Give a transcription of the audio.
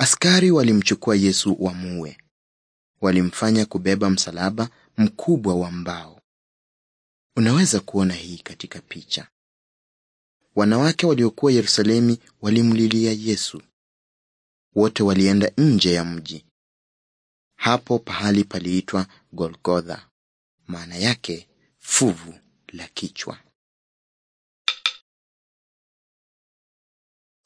Askari walimchukua Yesu wamuue. Walimfanya kubeba msalaba mkubwa wa mbao. Unaweza kuona hii katika picha. Wanawake waliokuwa Yerusalemu walimlilia Yesu. Wote walienda nje ya mji. Hapo pahali paliitwa Golgotha, maana yake fuvu la kichwa.